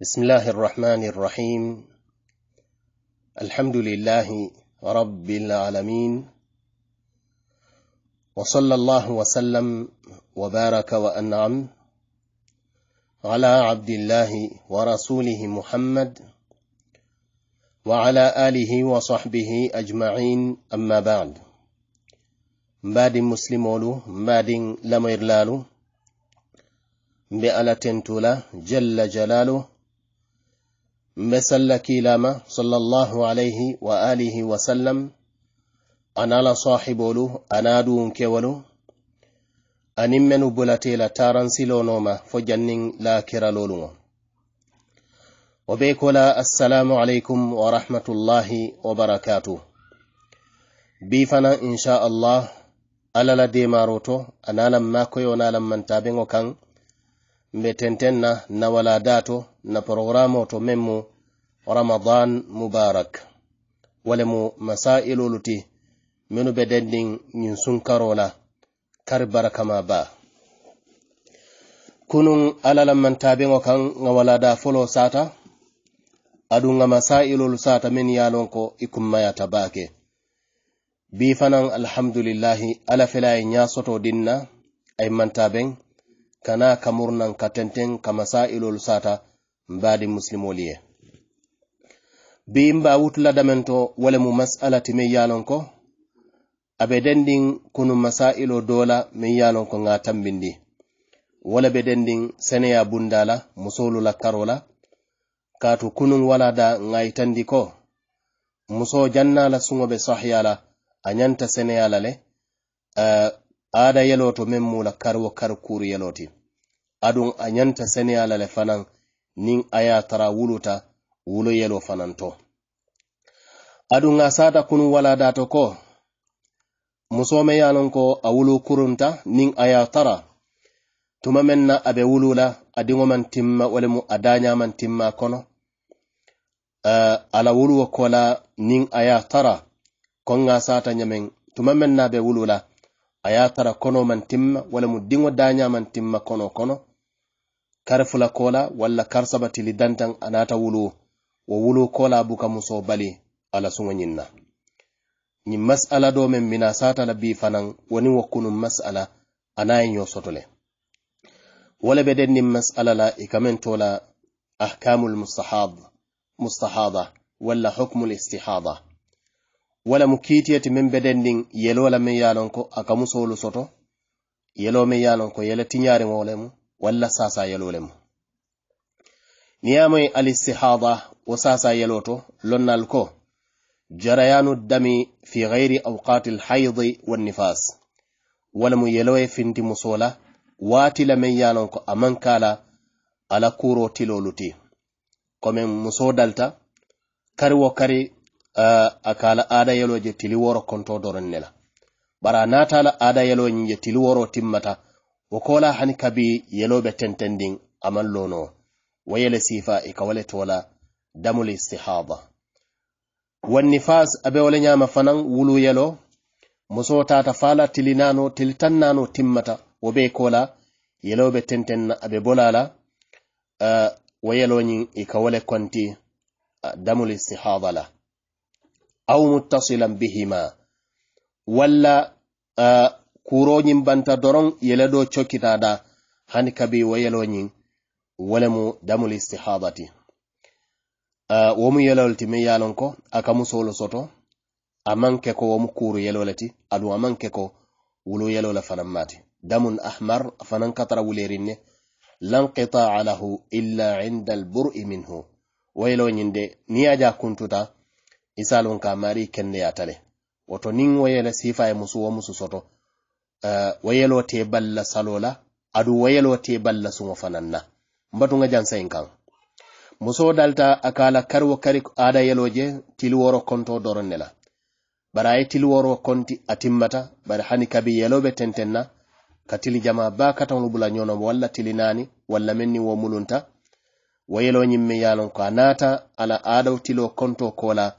بسم الله الرحمن الرحيم الحمد لله رب العالمين وصلى الله وسلم وبارك وأنعم على عبد الله ورسوله محمد وعلى آله وصحبه أجمعين أما بعد مباد مسلمولو مباد lamoyirlalu mbe بألة tentula جل جلاله masallaki lama sallallahu alaihi wa alihi wa sallam anala sahibolu anadu kewalu anin menu bulate la taran silonoma fo jannin la kiralolu obe kola assalamu alaikum wa rahmatullahi wa barakatu bi fana insha allah alala de maroto analam makoyo analam mantabengo kan mbe tentenna na waladato na programo to memmu ramadan mubarak wala mu masailolu ti menu be sun sun karola kar ma ba kunun alalamantaɓeŋo kan ŋa walada folo sata aɗum ŋa masailolu sata min yalon ko ikum maya tabake bi fanan alhamdulillahi ala filayin ya soto dinna ay mantaben. kana kamurnan ka tenten ka masa'ilol sata mbaadi musilimolu ye bi n baa wutula damen to wole mu masala ti min yaalon ko a be dendin kunu masa'ilo dola min yaalon ko ŋa tambindi wole be dendin seneya bunda la musolu la karo la kaatu kunun wala da ŋa yitandi ko muso janna la suŋo be sahiya la a ñanta seneya la le uh, eh, aada yelo to meŋ mu la kar wo kar kuuru yelo ti adun a ɲanta seniya le fanan nin a tara wuluta wulo yelo fanan to adun nga sata kunu wala dato ko muso me ko a wulu kurunta nin a tara tuma menna na a be a man timma walemu a adanya man timma kono uh, ala wulu ko la nin a tara kon nga sata nyamen tuma menna na a be wulula aya a tara kono man timma mu dingo danya man timma kono kono kar kola wala kar tili li dantan anata wulu wa wulu kola buka muso bali ala sunwa nyinna. Nyi masala do meŋ mina sata la bi fanaŋ woniŋ wo masala ana nyo sotole. Wala le wo be den niŋ masala la i ka ahkamul mustahab mustahada wala hukmul istihada wala mu kiitiye ti meŋ be den niŋ yelo la meŋ ye ko soto yelo meŋ ye ko yele tiñaariŋo le mu walla sasa yelo lemu ni yamoy alistihada wo sasa yelo to lonnal ko jarayanu dami fi ghairi awqati alhayd wannifas wala mu yelowe finti musola waati la meŋ ye ko a maŋ kala a la tilolu ti muso dalta kari wo kari uh, a yelo je tili woro konto doron ne la bari naata la ada yelo je tili timmata wakola kola hani kabi yelobe tentending tentendin wayele sifa ikawale ka tola damul istihada wannifas abe wale nyama fanang wulu yelo muso tata fala tilinano tilitannano timmata wabe kola yelobe tenten abe bolala uh, wo yeloñin i ka uh, la au muttasilan bihima wala. uh, eh, kuroñin banta doron yeledo cokkitada hani kabi wo yeloñin wolemu damul istihabati uh, womu yelol ti min yalon ko aka musolo soto aman ke ko womu kuru yelole ti adu aman ke ko wulu yelole fanan mati damun ahmar fanan katara wulerin ne lan qitaa lahu illa inda albur'i minhu wo yeloñin de niyaja kuntuta isalon ka mari kendeyatale woto nin wo yele sifa e musu womusu soto Eh, wayelote balla salola adu wayelote balla sumo fananna mbatunga jansayin kan muso dalta akala karwo kari ada yeloje tilworo konto doronnela bara ay tilworo konti atimmata bara hani kabi yelobe tentenna katili jama ba katawlu bula nyono walla tilinani walla menni wo mulunta wayelo nyimme yalon ko anata ala ada tilo konto kola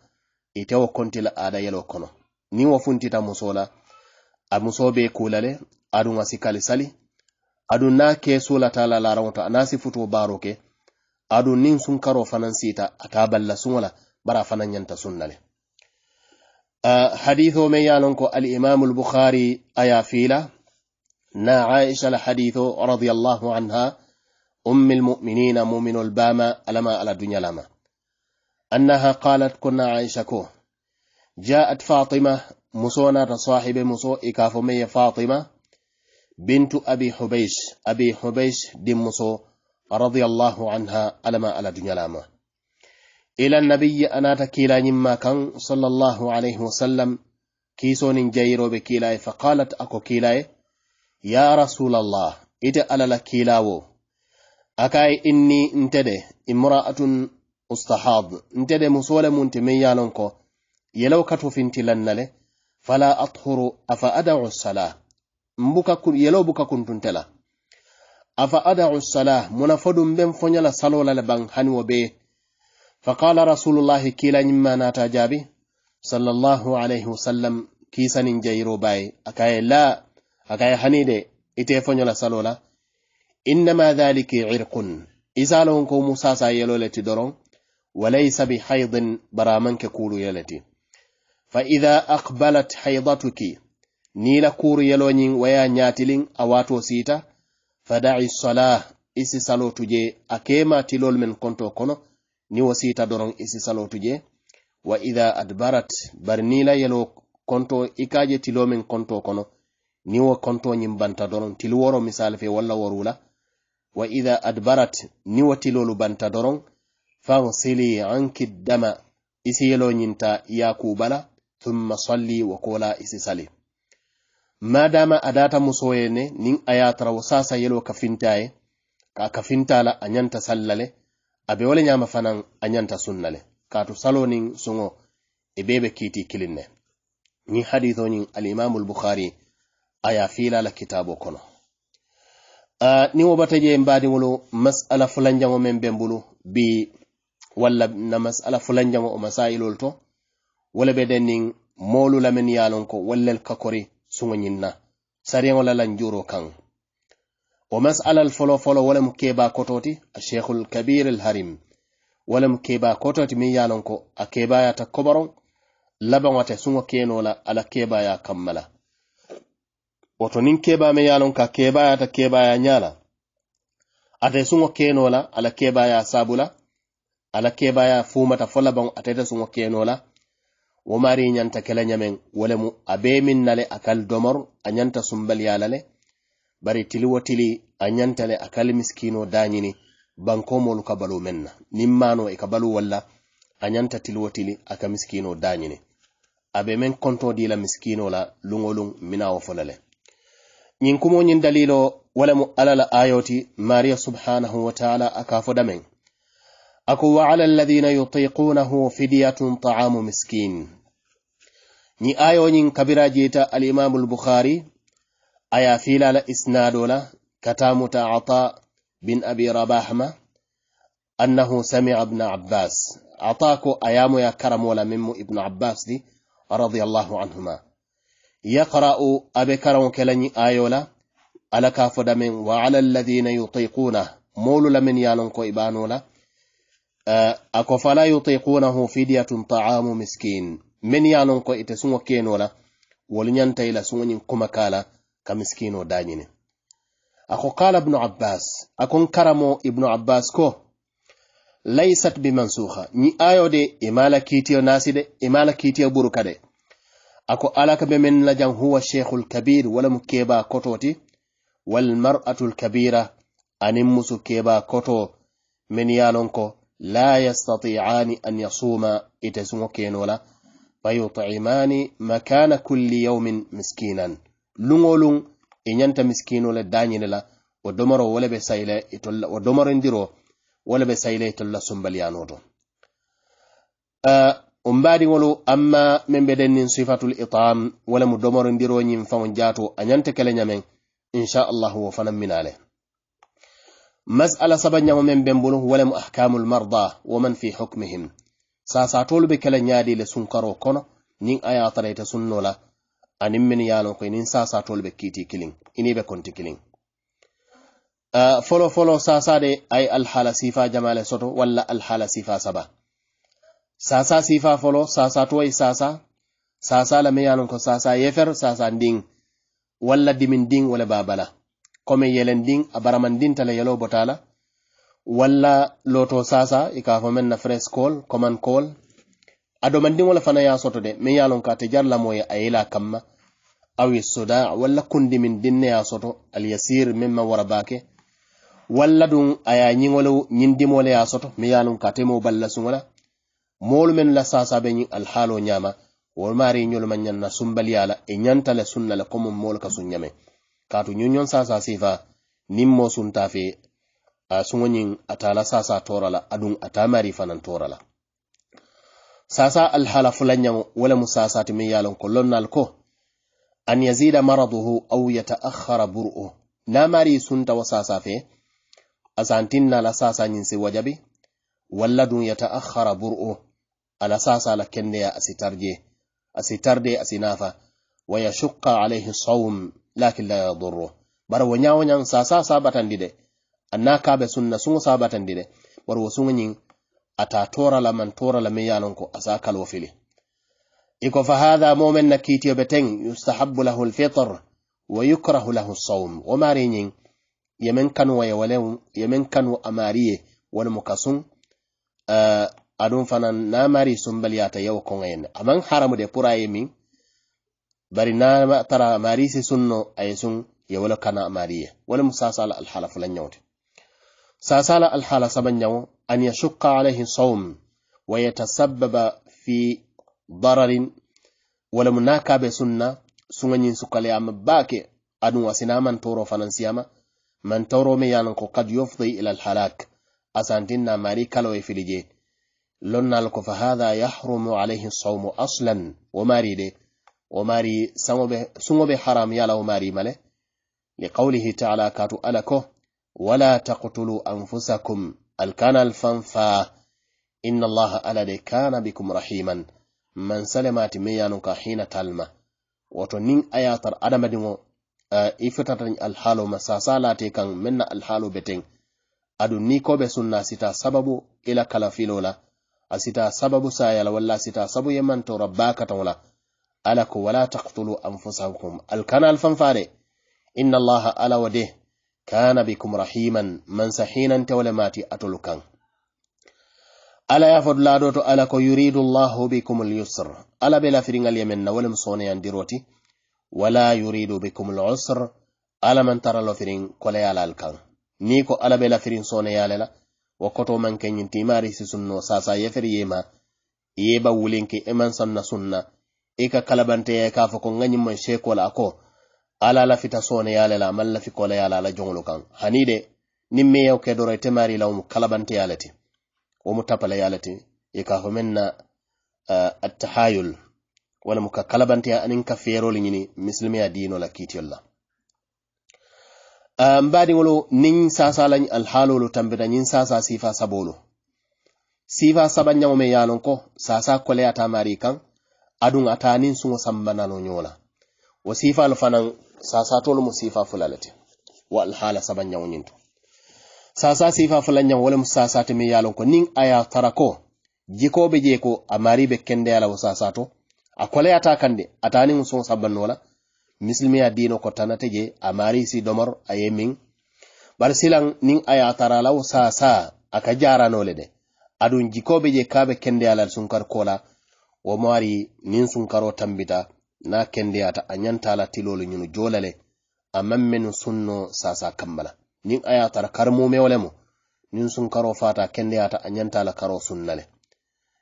itewo konti la ada yelo kono ni wo funtita musola amusoo beeku lale aduŋa si kali sali aduŋ naa keesu la laraŋoto anaa si futuo baaro ke aduŋ niŋ sunkaroo fanaŋ siita la bara a sunnale ñanta sunna le uh, hadithoo meŋ ye ko alimamu lbukhari a ye a fiila na aisha la haditho radiyallahu anha ummi lmuminina muminol baama alama ala duña lama annaha قالت ko na aisha ko جاءت فاطمة muso nata sahibe muso i fatima bintu abi hubays abi hubays din muso radiyallahu anha alama ala dunyalama ila nabiyyi anata kilañimma kan sallallahu alayhi wasallam kiisonin jayiroɓe kiilaye fa qalat ako kiilaye ya rasulallah ita alala kiilawo akaye inni ntede imra'atun ustahad ntede musole munti min yalon ko yelaw fala athuru afa adau sala mbuka kun yelo buka kun tuntela afa adau sala muna fodum fonyala salola le bang hani wo be faqala rasulullahi kila nyimma nata jabi sallallahu alayhi wasallam kisanin jayro bay akaye la akaye hanide ite fonyola salola innama dhalika irqun izalon ko musa sa yelo leti doron walaysa bi haydin baramanke kulu yelati fa idha aqbalat haydatuki nila kuru yaloñin waya ñatilin awato sita fada'i salah isi salotu je a tilol men konto kono ni wasita siita doron isi salotu je wa idha adbarat bari nila yelo konto ikaje tilo men konto kono ni wo konto ñin banta doron til woro misal fe walla worula wa idha adbarat ni wo tilolu banta doron fansili anki dama isi yelo ñinta yakubala thumma salli wa kola isi sali madama adata musoye nin a ye sasa yelo kafintaye, ka kafinta la a ñanta sallale. a be wo le ñama a ñanta sunna le kaatu salo nin suŋo i bee be kiiti kilin ne haditho ñiŋ alimamu lbukhari a la kitabo kono uh, niŋ wo bata masala fulanjaŋo meŋ bulu bi wala na masala fulanjaŋo o masayilolu to wala be dennin molu lamen yalon ko wallel kakori suŋoñin na lan juro kan. O mas'ala al folo folo wala mu keba kototi a sheikhul kabir al harim wala mu keba kototi mi yalon ko a ta koboroŋ Laban te suŋo keno la ala keba ya kammala. woto nin keba me ka keba ya ta keba ya nyala ate sunga keno la ala keba ya sabula ala ya fumata folabon ate ta sunga keno la wo mari ñanta kela ñamen wolemu a be min nale akal domor a ñanta sumbaliyalale bari tili wo tili a ñantale akal miskino dañini bankomolu ka balu men na nin mano e ka balu walla a ñanta tili wo tili aka miskino dañini a be men konto dila miskino la luŋolun minawo fo lale ñin kumo ñin dalilo walemu alala ayoti mariya subhanahu wataala aka fo damen ako wa ala alladhina yutiqunahu fidyatun ta'amu miskin ñi ayoñin kabira jeta alimamu bukhari aya filala isnado la katamuta ata bin abi rabah annahu samia bna abbas ataku ko ayamo ya karamola mimmo ibnu abbas di radiallahu anhuma yaqra'u abe karamo kelañi ayola ala ka foda min wa ala alladina yutiquna molu lamin yanon ko ibanola eh, ako fala yutiqunahu fidyatun taamu miskin meni ya lon ko ite suŋo keno la wolu ñanta yi kuma ka ka miskino da a Ako kala Ibn abbas a karamo ibnu abbas ko laisat bi mansuha ñi ayo de imala kiitiyo nasi de imala kiitiyo buruka de ako alaka be men la huwa sheikhul kabir wala mu keɓa kototi walmar'atu kabira anin musu keba koto men yalon ko la yastati'ani an yasuma ite suŋo kenola فيطعمان مكان كل يوم مسكينا لونولون إنيانتا مسكينو لدانين لا ودمرو ولا بسايلة إتولا ودمرو اندرو ولا بسايلة إتولا سنبليانوتو أه umbadi wolu amma min be den nin sifatul itam wala mu domoro ndiro nyin fa on jato anyante kele nyamen insha Allah wa fanan minale mas'ala sabanya wa min bembulu wala mu ahkamul marda wa man fi hukmihim tolu be kala nyaade le sun karo kono nin aya tare ta sunno la anin min ye ko nin ko niŋ sasatolu be kiti kiling ini be konti kiling uh, folo folo sasa de ay al hala sifa jama soto soto walla hala sifa saba sasa sifa folo to ay sasa sasa la meŋ ye a loŋ ko sasa yefer sasa ndiŋ walla dimin ding wala babala, baa bala yelen ding a baramandinta le yeloo bota walla loto sasa ika men na fresh call command call mandi wala fana ya soto de me yalon ka te jari la ye a ye la kamma aw ye soda walla kundi min dinne ya soto al yasir ma wara walla duŋ a a mole ya soto me yalon ka te mo balla suŋo la men la sasa be ñiŋ alhaalo ñaama wolu maari ñolu ma nyanna na sumbaliya la e nyanta la sunna la komo mol ka sunnyame katu kaatu sasa sifa nimmo sunta fe a suŋoñiŋ sasa torala aduŋ ata mari fanan torala sasa alhala fulanñaŋo wo lemu sasati miŋ ye a loŋ ko lonnal mara mara au au ya yataakhara bur'u na mari sun wo sasa fe asantin na la sasa yin si wajabi walla ya yataakhara a la sasa la kendeya a tarje asi tarde a nafa wa shukka alaihi sawun lakin la yadurru bara wanya ñawo sasa sabatan dide, anna kaɓe sunna suŋo sabatandire bari wo suŋo ñiŋ ata tora la man tora la meŋ ye lon ko asa kalwo fili iko fa hatha momen na kiti ɓe teŋ yustahabu lahu lfitr wa yukrahu lahu sawm wo maari ñiŋ yemen kanwo ye wale yemen kanwo a maari ye wolemu ka suŋ uh, eh, aɗum fanan na maari sumbaliyata yewo koŋoyenne amaŋ haramu de pour aye miŋ bari na tara maari si sunno aye suŋ ye wolo kana maari ye wolemu sasala alhala fula ñawte sasala alhala sabanyawo an ya shukka alaihin saum wa ya tasabbaba fi bararin wala munaka be sunna sunganyin sukale am bake adun wasina man toro fanansiyama man toro me yalan ko kad yufdi ila alhalak asantin na mari kalawe filije lonnal ko fa hada yahrumu alaihi saum aslan wa mari de wa mari sungobe haram yala wa mari male li qawlihi ta'ala katu alako wala taqtulu anfusakum alkana alfanfa inna allaha alade kana bikum rahiman man salemati meyanun ka hina talma wato nin ayatar adamadin o uh, ifitatan alhaalo ma sasalate kan menna alhaalo beten aɗum ni koɓe sunna sita sababu ila kala filola a sita sababu sayala walla sita sabu yemanto rabbakatanola ala ko wala taktulu anfusakum alkana alfanfade inna allaha ala wa kana bikum rahiman man sahinan tawlamati mati ala ya ala do to ala ko yuridu allah bikum yusr ala bila firingal yemen na sona yandiroti wala yuridu bikum usr ala man tara lofirin koleyalal kan ni ko ala bila lafirin sona yalela wa koto man yinti mari si sunno sasa yefer yema yeba wulinki eman sanna sunna e ka e ka fo ko mo shekola ko. ala la fita sone yale la man la fi kola yala la jongolu kan hani de nin me yow ke doro ite mari lawmu kalabante yalati o mu tapala yalati e ka fo menna uh, tahayul wala mu ka kalabante anin ka ferol nyini muslimiya dino la kitiyol la sa uh, badiŋolu niŋ sasalaŋ alhaalolu tambita sa sa sifa sabolo sifa saba nyaw me yalon ko ko sa koleyata mari kaŋ aduŋ kan adun suŋo sambanalo sambana no nyola wasifa alfanan. sasatolu mu sifa fulalati wa alhala saban yawnyinto sasa sifa fulan yan wala musasati mi yalon ko nin aya tarako jiko be je ko amari be kende yala wasasato akole ata kande atani musun saban wala muslimi ya dino ko tanate je amari si domar ayemin bar silan nin aya tarala sasa aka jara nole de adun jiko be je kabe kende yala sunkar kola wa mari nin sunkaro tambita na kendiyata a ñantala tilolu nyunu jolale amman min sunno sasa kammala nin a tar kar mumewole mo nin sun karo fata ata a tala karo sunnale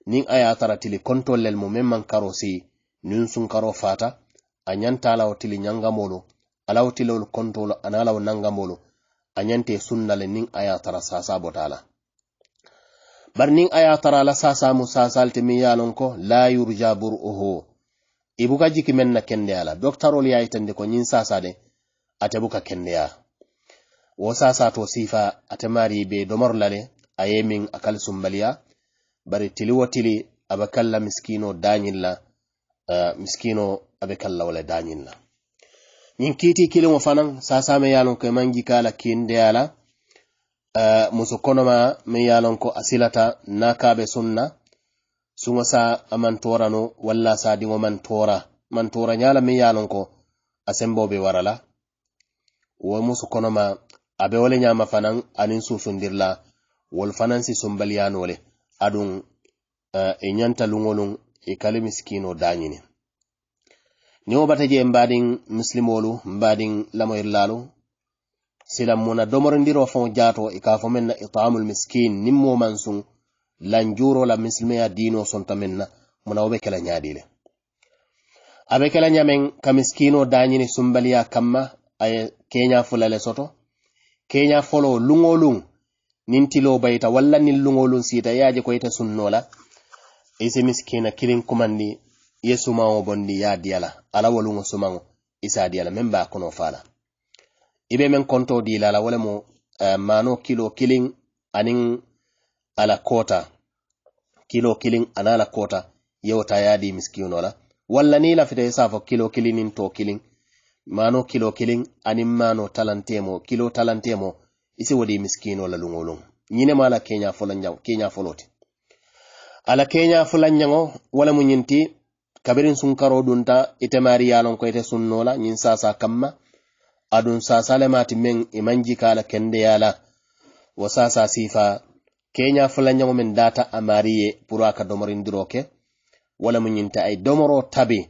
nin a tar tili kontollel mo men man karo si nin sun karo fata a o tili ñangamolu alawo tilolu kontolu analawo nangamolu a sunnale nin a tar sasa botala bar nin a tar la sasa mu sasalte min ko la yurja bur'uhu ibuka jiki men na kendeyala doctarol yayitande ko ñin sasa de ate buka kendeya wo sasa to sifa ate mari be domorlale aye min akal sumbaliya bari tili wo tili aba kalla miskino dañilla uh, miskino abe kalla wala dañilla ñin kiiti kilimo fanan sasa me yalon ko man jikala kindeyala uh, muso konoma me yalon ko asilata nakaɓe sunna suŋo sa aman tora no walla sadiŋo man tora man tora ñala miŋ ko a sembo be warala wo musu konoma a be wo le ñama fanaŋ aniŋ susundirla wolu fanaŋ si sumbaliyano le aduŋ uh, eh, i ñanta luŋoluŋ i kali miskino dañini ni wo bata je mbadiŋ mbadin lamo lamoyirilalu silaŋ muna domorindiro faŋo jaato jato, ka fo na itamul miskin nimmo mo lanjuro la misilmeya dino sonta min na muna wo be kela ɲadi le a be kela ɲamen ka miskino dañini sumbaliya kamma a ye keɲa fula le soto keɲa folo luŋo luŋ nin tilo bayita walla nin luŋo luŋ siita ye a je ko ite sunno la isi miskina kiliŋ kumandi ye sumaŋo bondi ye a diya la ala woluŋo sumaŋo isi a diya la meŋ ba kono fa la i be meŋ konto dila la wo lemu eh, mano kilo kiliŋ aniŋ ala kota kilo kilin ala kota yewta yaadi miskino la walla ni lafita ye safo kilo kilinin to kilin mano kilo kilin anin mano talantemo kilo talantemo isi wodi miskino la luŋolum ñinema ala keña folanjaŋo kenya foloti ala keña fulanñaŋo wala mu ñinti kabirin sunkaro dunta ite mariyalon ko ite sunnola ñin sasa kamma adun sasa le mati meŋ imanji ka kende yala wo sasa sifa keña fulanñago men data amariye pour aka domorindiro ke wala mu ñinta ay domoro tabi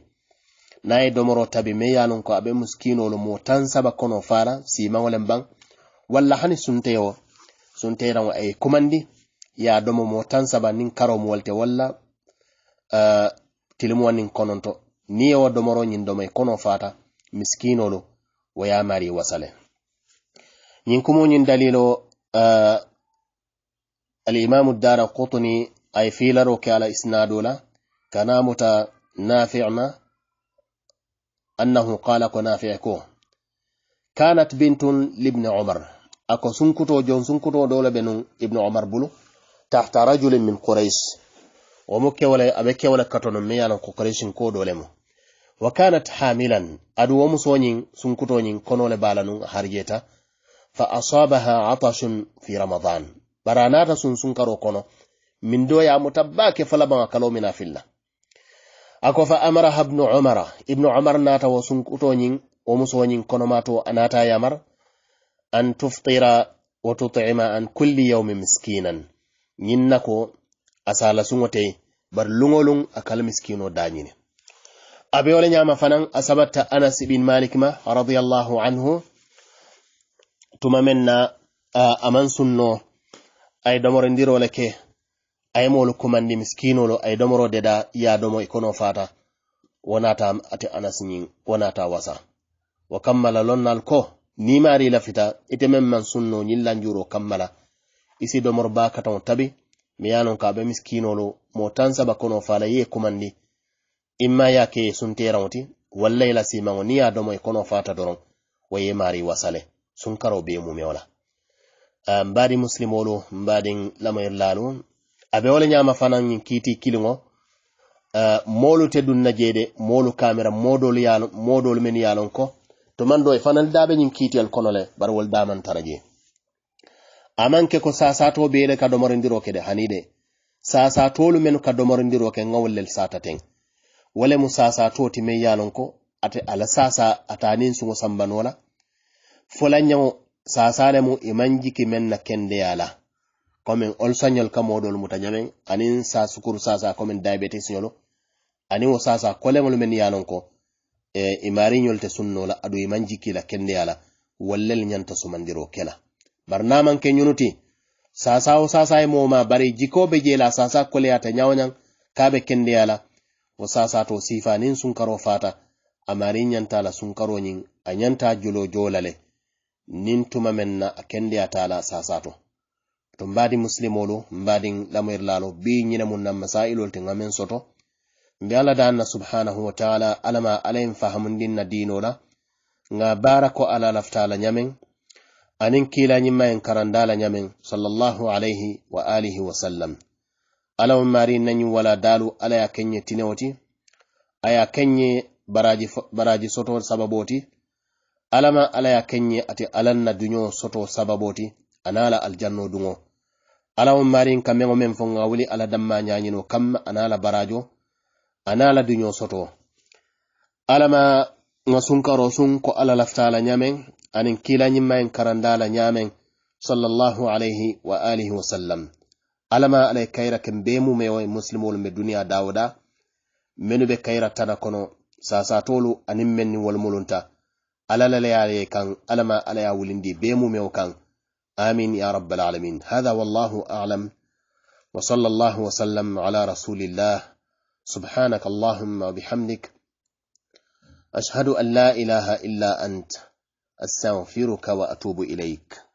na domoro tabi me yanon ko aɓe muskinolo mo tan saba kono fara simagolen ban walla hani sunteyo sunteyrao ay kumandi ya domo mo saba nin karo mo walte walla uh, eh, tilimuwa nin kononto ni yewo domoro ñin domay kono fata miskinolo wayamari wasale ñin kumoñin dalilo uh, eh, الإمام الدار قطني أي في لروك على إسنادولا كنامة نافعنا أنه قال كنافعكو كانت بنت لابن عمر أكو سنكتو جون سنكتو دولة بنو ابن عمر بلو تحت رجل من قريش ومكي ولا أبكي ولا كتنمي على قريش كو دولمو وكانت حاملا أدو سنكتو نين كنو لبالنو هرجيتا فأصابها عطش في رمضان bara sun sun karo kono min do yamo tabba ke falabaŋa kalomina filla ako fa amara ibnu umara ibnu umar nata wo sunkutoñiŋ wo kono mato anata naata yamar an tuftira wa tutima an kulli yawmi miskinan ñiŋ nako ko sun wote bar lungolung akal a miskino dañini a be wo anas ibin malik ma radiyallahu anhu tuma meŋ na a sunno ay domoro ndirole ke ayimolu kumandi miskinolu ay domoro deda yadomo ikono fata wonata ate anas ñin wonata wasa wo kammala lonnal ko nimari lafita ite men man sunno ñillanjuro kammala isi domoro bakatan tabi miyanon ka be miskinolu mo tan saba kono fala ye kumandi imma yake ye sunteranoti wallayla simao ni ya domo ikono fata doron wo ye mari wasale sunkaro be mumewola Eh, mbaadi muslimolu mbaadin lamayir laalu abe wala ñama fanan kiiti kiliŋo eh, moolu teddun najeede moolu kamira moodoolu men ye lon ko to man do e fanan daabe ñiŋ kiitiyal kono le bari wol damantara je aman ke ko sasato be ile ka domorindiro ke de hanide sasatolu men ka domorindiro ke ŋawol lel satateŋ wole mu sasato ti men ye lon ko ate ala sasa ataanin suŋo sambanola fola ñaŋo sasale mu iman e jiki men na kende yala komin olsanyol ka modol muta nyamen anin sa sukur sasa komin diabetes nyolo anin wo sasa kole ngol men yanon ko e, imari e nyol te sunno la adu iman e jiki la kende yala wallel nyanta sumandiro kela barnaman ke nyunuti sasa wo sasa e mo ma bari jiko be jela sasa kole ata nyawnyang ka be kende yala wo sasa to sifa nin sunkaro fata amari nyanta la sunkaro nyin anyanta julo jolale jo nin tuma men na a kendeya taala sasato to mbaadi musilimolu mbaadin lalo bi ñine mun na masailol ti ŋamen soto mbe ala subhanahu wa taala alama alayin fahamundin na dinola nga bara ko ala laftala ñamen anin kila ñimmayen karandala ñamen sallallahu alayhi wa alihi wa sallam alawo mari nañin wala dalu ala ya tinewoti aya kenye baraji, baraji soto sababoti alama ala ya kenye ati alan na duño soto sababoti anala aljanno duŋo alawo marin kameŋo meŋ fo ŋa wuli ala damma nyanyino kam anala barajo anala dunyo soto alama ngasunka sunkaro sun ko ala laftala ñameŋ aniŋ kilañimmayin karandala nyamen sallallahu alayhi wa alihi sallam. alama ala kayra ken be mumewo muslimolu be duniya dawda menube be kayra tana kono sasatolu aniŋ men ni wolmolunta ألا لا يالي كان على ما على يا ولندي بيمو ميو كان آمين يا رب العالمين هذا والله أعلم وصلى الله وسلم على رسول الله سبحانك اللهم وبحمدك أشهد أن لا إله إلا أنت أستغفرك وأتوب إليك